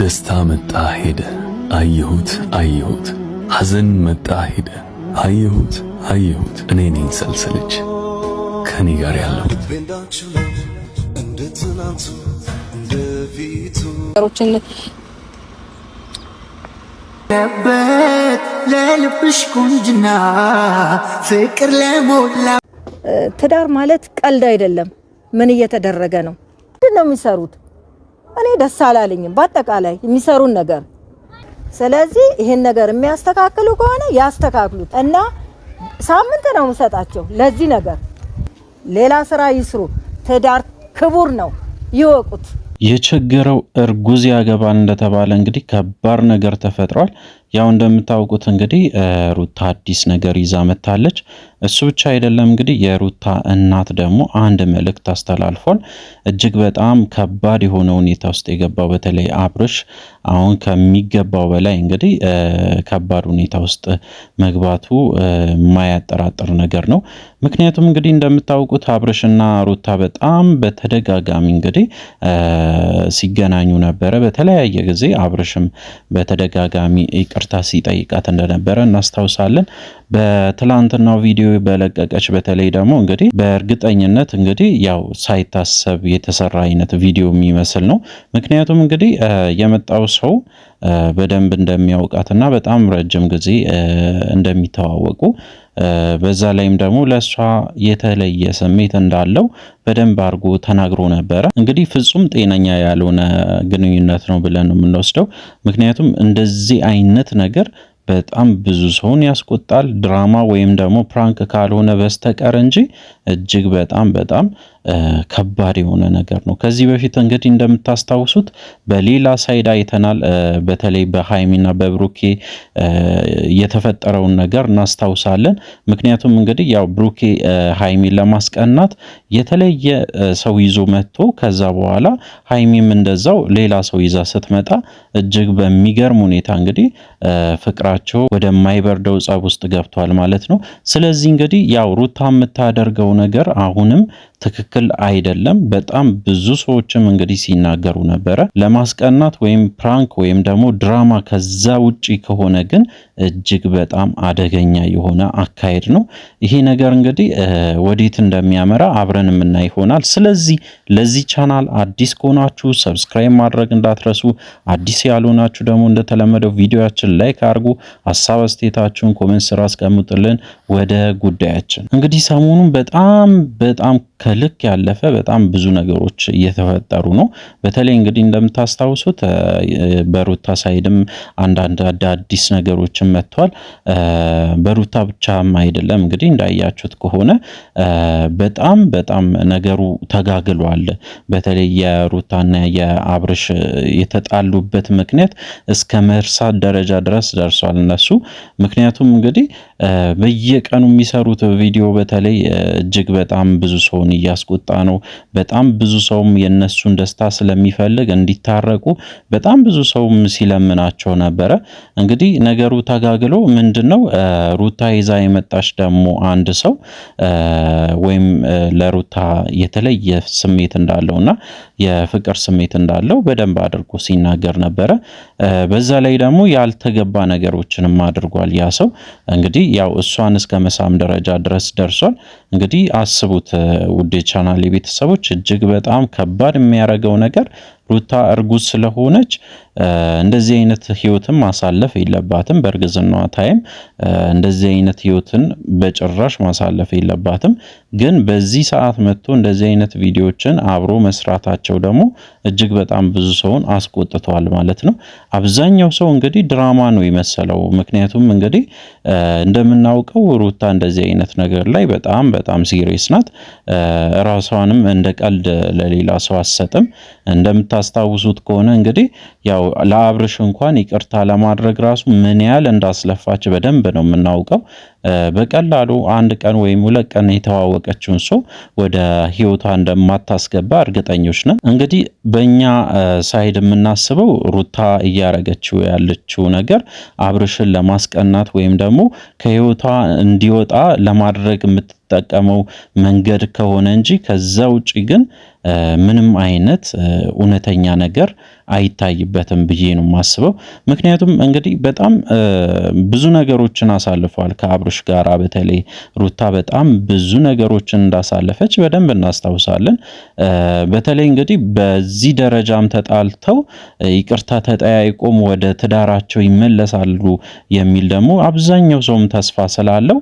ደስታ መጣ ሄደ አየሁት አየሁት ሐዘን መጣ ሄደ አየሁት አየሁት እኔ ነኝ ሰልሰለች ከኔ ጋር ያለው ነገሮችን ለልብሽ ቁንጅና ፍቅር ለሞላ ትዳር ማለት ቀልድ አይደለም። ምን እየተደረገ ነው? ምንድን ነው የሚሰሩት? እኔ ደስ አላለኝም፣ በአጠቃላይ የሚሰሩን ነገር። ስለዚህ ይሄን ነገር የሚያስተካክሉ ከሆነ ያስተካክሉት እና ሳምንት ነው የምሰጣቸው ለዚህ ነገር። ሌላ ስራ ይስሩ። ትዳር ክቡር ነው፣ ይወቁት። የቸገረው እርጉዝ ያገባል እንደተባለ እንግዲህ ከባድ ነገር ተፈጥሯል። ያው እንደምታውቁት እንግዲህ ሩታ አዲስ ነገር ይዛ መታለች። እሱ ብቻ አይደለም እንግዲህ የሩታ እናት ደግሞ አንድ መልእክት አስተላልፏል። እጅግ በጣም ከባድ የሆነ ሁኔታ ውስጥ የገባው በተለይ አብርሽ አሁን ከሚገባው በላይ እንግዲህ ከባድ ሁኔታ ውስጥ መግባቱ የማያጠራጥር ነገር ነው። ምክንያቱም እንግዲህ እንደምታውቁት አብርሽና ሩታ በጣም በተደጋጋሚ እንግዲህ ሲገናኙ ነበረ። በተለያየ ጊዜ አብርሽም በተደጋጋሚ ይቅርታ ሲጠይቃት እንደነበረ እናስታውሳለን። በትላንትናው ቪዲዮ በለቀቀች በተለይ ደግሞ እንግዲህ በእርግጠኝነት እንግዲህ ያው ሳይታሰብ የተሰራ አይነት ቪዲዮ የሚመስል ነው። ምክንያቱም እንግዲህ የመጣው ሰው በደንብ እንደሚያውቃትና በጣም ረጅም ጊዜ እንደሚተዋወቁ በዛ ላይም ደግሞ ለእሷ የተለየ ስሜት እንዳለው በደንብ አድርጎ ተናግሮ ነበረ። እንግዲህ ፍጹም ጤነኛ ያልሆነ ግንኙነት ነው ብለን የምንወስደው ምክንያቱም እንደዚህ አይነት ነገር በጣም ብዙ ሰውን ያስቆጣል። ድራማ ወይም ደግሞ ፕራንክ ካልሆነ በስተቀር እንጂ እጅግ በጣም በጣም ከባድ የሆነ ነገር ነው። ከዚህ በፊት እንግዲህ እንደምታስታውሱት በሌላ ሳይድ አይተናል። በተለይ በሃይሚና በብሩኬ የተፈጠረውን ነገር እናስታውሳለን። ምክንያቱም እንግዲህ ያው ብሩኬ ሃይሚን ለማስቀናት የተለየ ሰው ይዞ መጥቶ ከዛ በኋላ ሀይሚም እንደዛው ሌላ ሰው ይዛ ስትመጣ እጅግ በሚገርም ሁኔታ እንግዲህ ፍቅራቸው ወደማይበርደው ጸብ ውስጥ ገብቷል ማለት ነው። ስለዚህ እንግዲህ ያው ሩታ የምታደርገው ነገር አሁንም ትክክል አይደለም። በጣም ብዙ ሰዎችም እንግዲህ ሲናገሩ ነበረ ለማስቀናት ወይም ፕራንክ ወይም ደግሞ ድራማ። ከዛ ውጪ ከሆነ ግን እጅግ በጣም አደገኛ የሆነ አካሄድ ነው። ይሄ ነገር እንግዲህ ወዴት እንደሚያመራ አብረን የምናይ ይሆናል። ስለዚህ ለዚህ ቻናል አዲስ ከሆናችሁ ሰብስክራይብ ማድረግ እንዳትረሱ። አዲስ ያልሆናችሁ ደግሞ እንደተለመደው ቪዲዮያችን ላይክ አድርጉ። ሀሳብ አስተያየታችሁን ኮሜንት ስራ አስቀምጡልን። ወደ ጉዳያችን እንግዲህ ሰሞኑን በጣም በጣም በጣም ከልክ ያለፈ በጣም ብዙ ነገሮች እየተፈጠሩ ነው። በተለይ እንግዲህ እንደምታስታውሱት በሩታ ሳይድም አንዳንድ አዳዲስ ነገሮችን መጥቷል። በሩታ ብቻም አይደለም እንግዲህ እንዳያችሁት ከሆነ በጣም በጣም ነገሩ ተጋግሏል። በተለይ የሩታና የአብርሽ የተጣሉበት ምክንያት እስከ መርሳት ደረጃ ድረስ ደርሷል እነሱ ምክንያቱም እንግዲህ በየቀኑ የሚሰሩት ቪዲዮ በተለይ እጅግ በጣም ብዙ ሰውን እያስቆጣ ነው። በጣም ብዙ ሰውም የእነሱን ደስታ ስለሚፈልግ እንዲታረቁ በጣም ብዙ ሰውም ሲለምናቸው ነበረ። እንግዲህ ነገሩ ተጋግሎ ምንድን ነው ሩታ ይዛ የመጣች ደግሞ አንድ ሰው ወይም ለሩታ የተለየ ስሜት እንዳለውና የፍቅር ስሜት እንዳለው በደንብ አድርጎ ሲናገር ነበረ። በዛ ላይ ደግሞ ያልተገባ ነገሮችንም አድርጓል። ያ ሰው እንግዲህ ያው እሷን እስከ መሳም ደረጃ ድረስ ደርሷል። እንግዲህ እንግዲህ አስቡት ውዴ ቻናል ቤተሰቦች እጅግ በጣም ከባድ የሚያደርገው ነገር ሩታ እርጉዝ ስለሆነች እንደዚህ አይነት ህይወትን ማሳለፍ የለባትም። በእርግዝናዋ ታይም እንደዚህ አይነት ህይወትን በጭራሽ ማሳለፍ የለባትም። ግን በዚህ ሰዓት መጥቶ እንደዚህ አይነት ቪዲዮዎችን አብሮ መስራታቸው ደግሞ እጅግ በጣም ብዙ ሰውን አስቆጥተዋል ማለት ነው። አብዛኛው ሰው እንግዲህ ድራማ ነው የመሰለው። ምክንያቱም እንግዲህ እንደምናውቀው ሩታ እንደዚህ አይነት ነገር ላይ በጣም በጣም ሲሪየስ ናት። ራሷንም እንደ ቀልድ ለሌላ ሰው አትሰጥም እንደምታ የምታስታውሱት ከሆነ እንግዲህ ያው ለአብርሽ እንኳን ይቅርታ ለማድረግ ራሱ ምን ያህል እንዳስለፋች በደንብ ነው የምናውቀው። በቀላሉ አንድ ቀን ወይም ሁለት ቀን የተዋወቀችውን ሰው ወደ ህይወቷ እንደማታስገባ እርግጠኞች ነን። እንግዲህ በእኛ ሳይድ የምናስበው ሩታ እያረገችው ያለችው ነገር አብርሽን ለማስቀናት ወይም ደግሞ ከህይወቷ እንዲወጣ ለማድረግ የምትጠቀመው መንገድ ከሆነ እንጂ ከዛ ውጭ ግን ምንም አይነት እውነተኛ ነገር አይታይበትም ብዬ ነው የማስበው። ምክንያቱም እንግዲህ በጣም ብዙ ነገሮችን አሳልፏል ከአብርሽ ጋራ በተለይ ሩታ በጣም ብዙ ነገሮችን እንዳሳለፈች በደንብ እናስታውሳለን። በተለይ እንግዲህ በዚህ ደረጃም ተጣልተው ይቅርታ ተጠያይቆም ወደ ትዳራቸው ይመለሳሉ የሚል ደግሞ አብዛኛው ሰውም ተስፋ ስላለው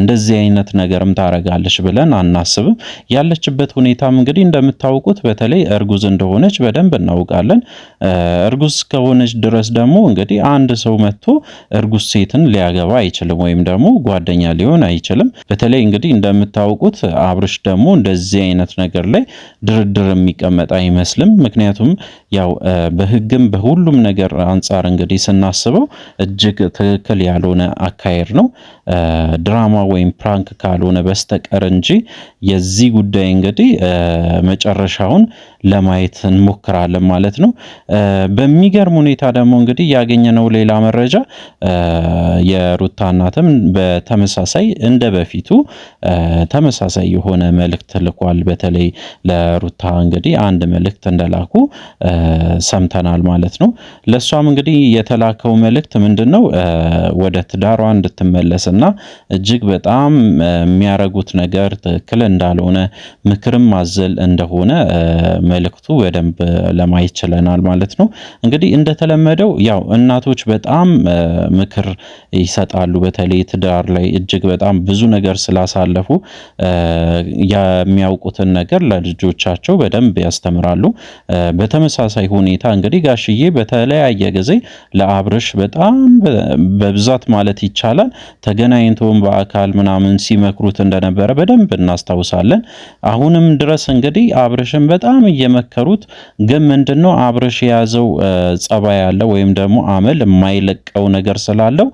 እንደዚህ አይነት ነገርም ታረጋለች ብለን አናስብም። ያለችበት ሁኔታም እንግዲህ እንግዲህ እንደምታውቁት በተለይ እርጉዝ እንደሆነች በደንብ እናውቃለን። እርጉዝ ከሆነች ድረስ ደግሞ እንግዲህ አንድ ሰው መጥቶ እርጉዝ ሴትን ሊያገባ አይችልም፣ ወይም ደግሞ ጓደኛ ሊሆን አይችልም። በተለይ እንግዲህ እንደምታውቁት አብርሽ ደግሞ እንደዚህ አይነት ነገር ላይ ድርድር የሚቀመጥ አይመስልም። ምክንያቱም ያው በህግም በሁሉም ነገር አንጻር እንግዲህ ስናስበው እጅግ ትክክል ያልሆነ አካሄድ ነው፣ ድራማ ወይም ፕራንክ ካልሆነ በስተቀር እንጂ የዚህ ጉዳይ እንግዲህ መጨረሻውን ለማየት እንሞክራለን ማለት ነው። በሚገርም ሁኔታ ደግሞ እንግዲህ ያገኘነው ሌላ መረጃ የሩታ እናትም በተመሳሳይ እንደ በፊቱ ተመሳሳይ የሆነ መልእክት ልኳል። በተለይ ለሩታ እንግዲህ አንድ መልእክት እንደላኩ ሰምተናል ማለት ነው። ለእሷም እንግዲህ የተላከው መልእክት ምንድን ነው? ወደ ትዳሯ እንድትመለስና እጅግ በጣም የሚያረጉት ነገር ትክክል እንዳልሆነ ምክርም ማዘል እንደሆነ መልእክቱ በደንብ ለማየት ችለናል ማለት ነው። እንግዲህ እንደተለመደው ያው እናቶች በጣም ምክር ይሰጣሉ። በተለይ ትዳር ላይ እጅግ በጣም ብዙ ነገር ስላሳለፉ የሚያውቁትን ነገር ለልጆቻቸው በደንብ ያስተምራሉ። በተመሳሳይ በተመሳሳይ ሁኔታ እንግዲህ ጋሽዬ በተለያየ ጊዜ ለአብርሽ በጣም በብዛት ማለት ይቻላል ተገናኝቶም በአካል ምናምን ሲመክሩት እንደነበረ በደንብ እናስታውሳለን። አሁንም ድረስ እንግዲህ አብርሽን በጣም እየመከሩት ግን ምንድነው አብርሽ የያዘው ጸባይ ያለው ወይም ደግሞ አመል የማይለቀው ነገር ስላለው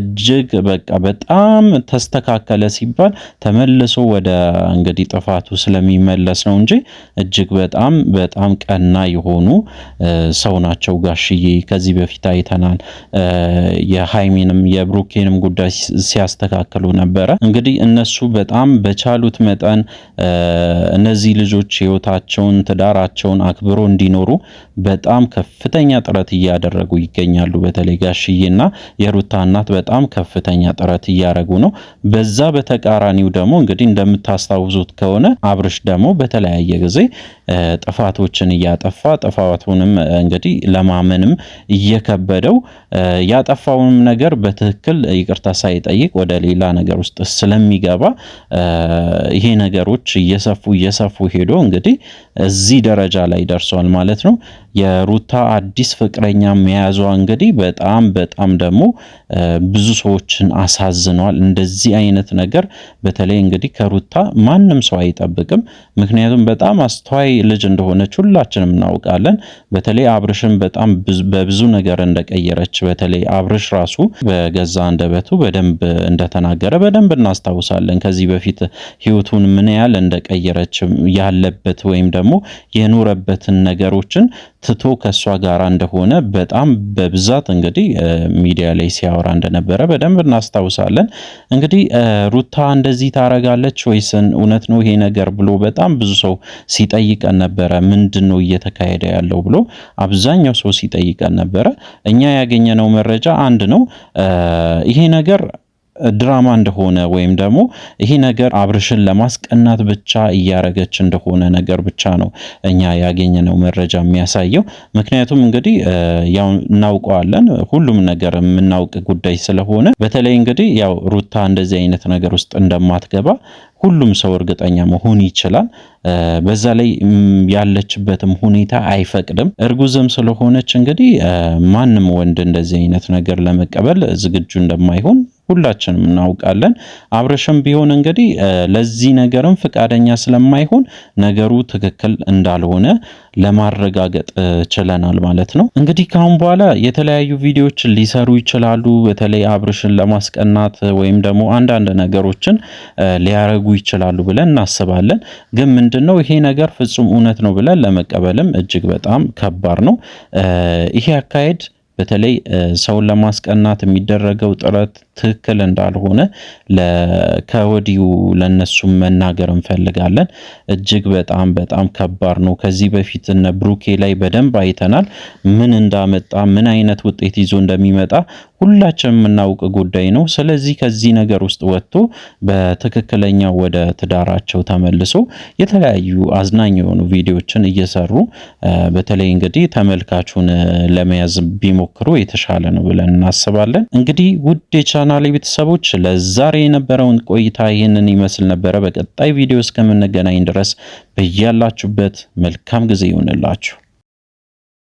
እጅግ በቃ በጣም ተስተካከለ ሲባል ተመልሶ ወደ እንግዲህ ጥፋቱ ስለሚመለስ ነው እንጂ እጅግ በጣም በጣም ቀና የሆኑ ሰው ናቸው ጋሽዬ። ከዚህ በፊት አይተናል። የሃይሚንም የብሩኬንም ጉዳይ ሲያስተካክሉ ነበረ። እንግዲህ እነሱ በጣም በቻሉት መጠን እነዚህ ልጆች ህይወታቸውን፣ ትዳራቸውን አክብሮ እንዲኖሩ በጣም ከፍተኛ ጥረት እያደረጉ ይገኛሉ። በተለይ ጋሽዬና የሩታ እናት በጣም ከፍተኛ ጥረት እያደረጉ ነው። በዛ በተቃራኒው ደግሞ እንግዲህ እንደምታስታውሱት ከሆነ አብርሽ ደግሞ በተለያየ ጊዜ ጥፋቶችን እያጠፋ ጥፋቱንም እንግዲህ ለማመንም እየከበደው ያጠፋውንም ነገር በትክክል ይቅርታ ሳይጠይቅ ወደ ሌላ ነገር ውስጥ ስለሚገባ ይሄ ነገሮች እየሰፉ እየሰፉ ሄዶ እንግዲህ እዚህ ደረጃ ላይ ደርሷል ማለት ነው። የሩታ አዲስ ፍቅረኛ መያዟ እንግዲህ በጣም በጣም ደግሞ ብዙ ሰዎችን አሳዝኗል። እንደዚህ አይነት ነገር በተለይ እንግዲህ ከሩታ ማንም ሰው አይጠብቅም። ምክንያቱም በጣም አስተዋይ ልጅ እንደሆነች ሁላችንም እናውቃለን። በተለይ አብርሽን በጣም በብዙ ነገር እንደቀየረች በተለይ አብርሽ ራሱ በገዛ አንደበቱ በደንብ እንደተናገረ በደንብ እናስታውሳለን። ከዚህ በፊት ህይወቱን ምን ያህል እንደቀየረች ያለበት ወይም ደግሞ የኖረበትን ነገሮችን ትቶ ከእሷ ጋር እንደሆነ በጣም በብዛት እንግዲህ ሚዲያ ላይ ሲያወራ እንደነበረ በደንብ እናስታውሳለን። እንግዲህ ሩታ እንደዚህ ታረጋለች ወይስን እውነት ነው ይሄ ነገር ብሎ በጣም ብዙ ሰው ሲጠይቅ ሲጠይቀን ነበረ፣ ምንድን ነው እየተካሄደ ያለው ብሎ አብዛኛው ሰው ሲጠይቀን ነበረ። እኛ ያገኘነው መረጃ አንድ ነው። ይሄ ነገር ድራማ እንደሆነ ወይም ደግሞ ይሄ ነገር አብርሽን ለማስቀናት ብቻ እያረገች እንደሆነ ነገር ብቻ ነው እኛ ያገኘነው መረጃ የሚያሳየው። ምክንያቱም እንግዲህ ያው እናውቀዋለን ሁሉም ነገር የምናውቅ ጉዳይ ስለሆነ በተለይ እንግዲህ ያው ሩታ እንደዚህ አይነት ነገር ውስጥ እንደማትገባ ሁሉም ሰው እርግጠኛ መሆን ይችላል። በዛ ላይ ያለችበትም ሁኔታ አይፈቅድም። እርጉዝም ስለሆነች እንግዲህ ማንም ወንድ እንደዚህ አይነት ነገር ለመቀበል ዝግጁ እንደማይሆን ሁላችንም እናውቃለን። አብረሽም ቢሆን እንግዲህ ለዚህ ነገርም ፈቃደኛ ስለማይሆን ነገሩ ትክክል እንዳልሆነ ለማረጋገጥ ችለናል ማለት ነው። እንግዲህ ካሁን በኋላ የተለያዩ ቪዲዮዎች ሊሰሩ ይችላሉ። በተለይ አብረሽን ለማስቀናት ወይም ደግሞ አንዳንድ ነገሮችን ሊያረጉ ይችላሉ ብለን እናስባለን። ግን ምንድን ነው ይሄ ነገር ፍጹም እውነት ነው ብለን ለመቀበልም እጅግ በጣም ከባድ ነው። ይሄ አካሄድ በተለይ ሰውን ለማስቀናት የሚደረገው ጥረት ትክክል እንዳልሆነ ከወዲሁ ለነሱም መናገር እንፈልጋለን። እጅግ በጣም በጣም ከባድ ነው። ከዚህ በፊት እነ ብሩኬ ላይ በደንብ አይተናል፣ ምን እንዳመጣ ምን አይነት ውጤት ይዞ እንደሚመጣ ሁላችንም የምናውቅ ጉዳይ ነው። ስለዚህ ከዚህ ነገር ውስጥ ወጥቶ በትክክለኛው ወደ ትዳራቸው ተመልሶ የተለያዩ አዝናኝ የሆኑ ቪዲዮዎችን እየሰሩ በተለይ እንግዲህ ተመልካቹን ለመያዝ ቢሞክሩ የተሻለ ነው ብለን እናስባለን። እንግዲህ ውድ የቻናሌ ቤተሰቦች ለዛሬ የነበረውን ቆይታ ይህንን ይመስል ነበረ። በቀጣይ ቪዲዮ እስከምንገናኝ ድረስ በያላችሁበት መልካም ጊዜ ይሆንላችሁ።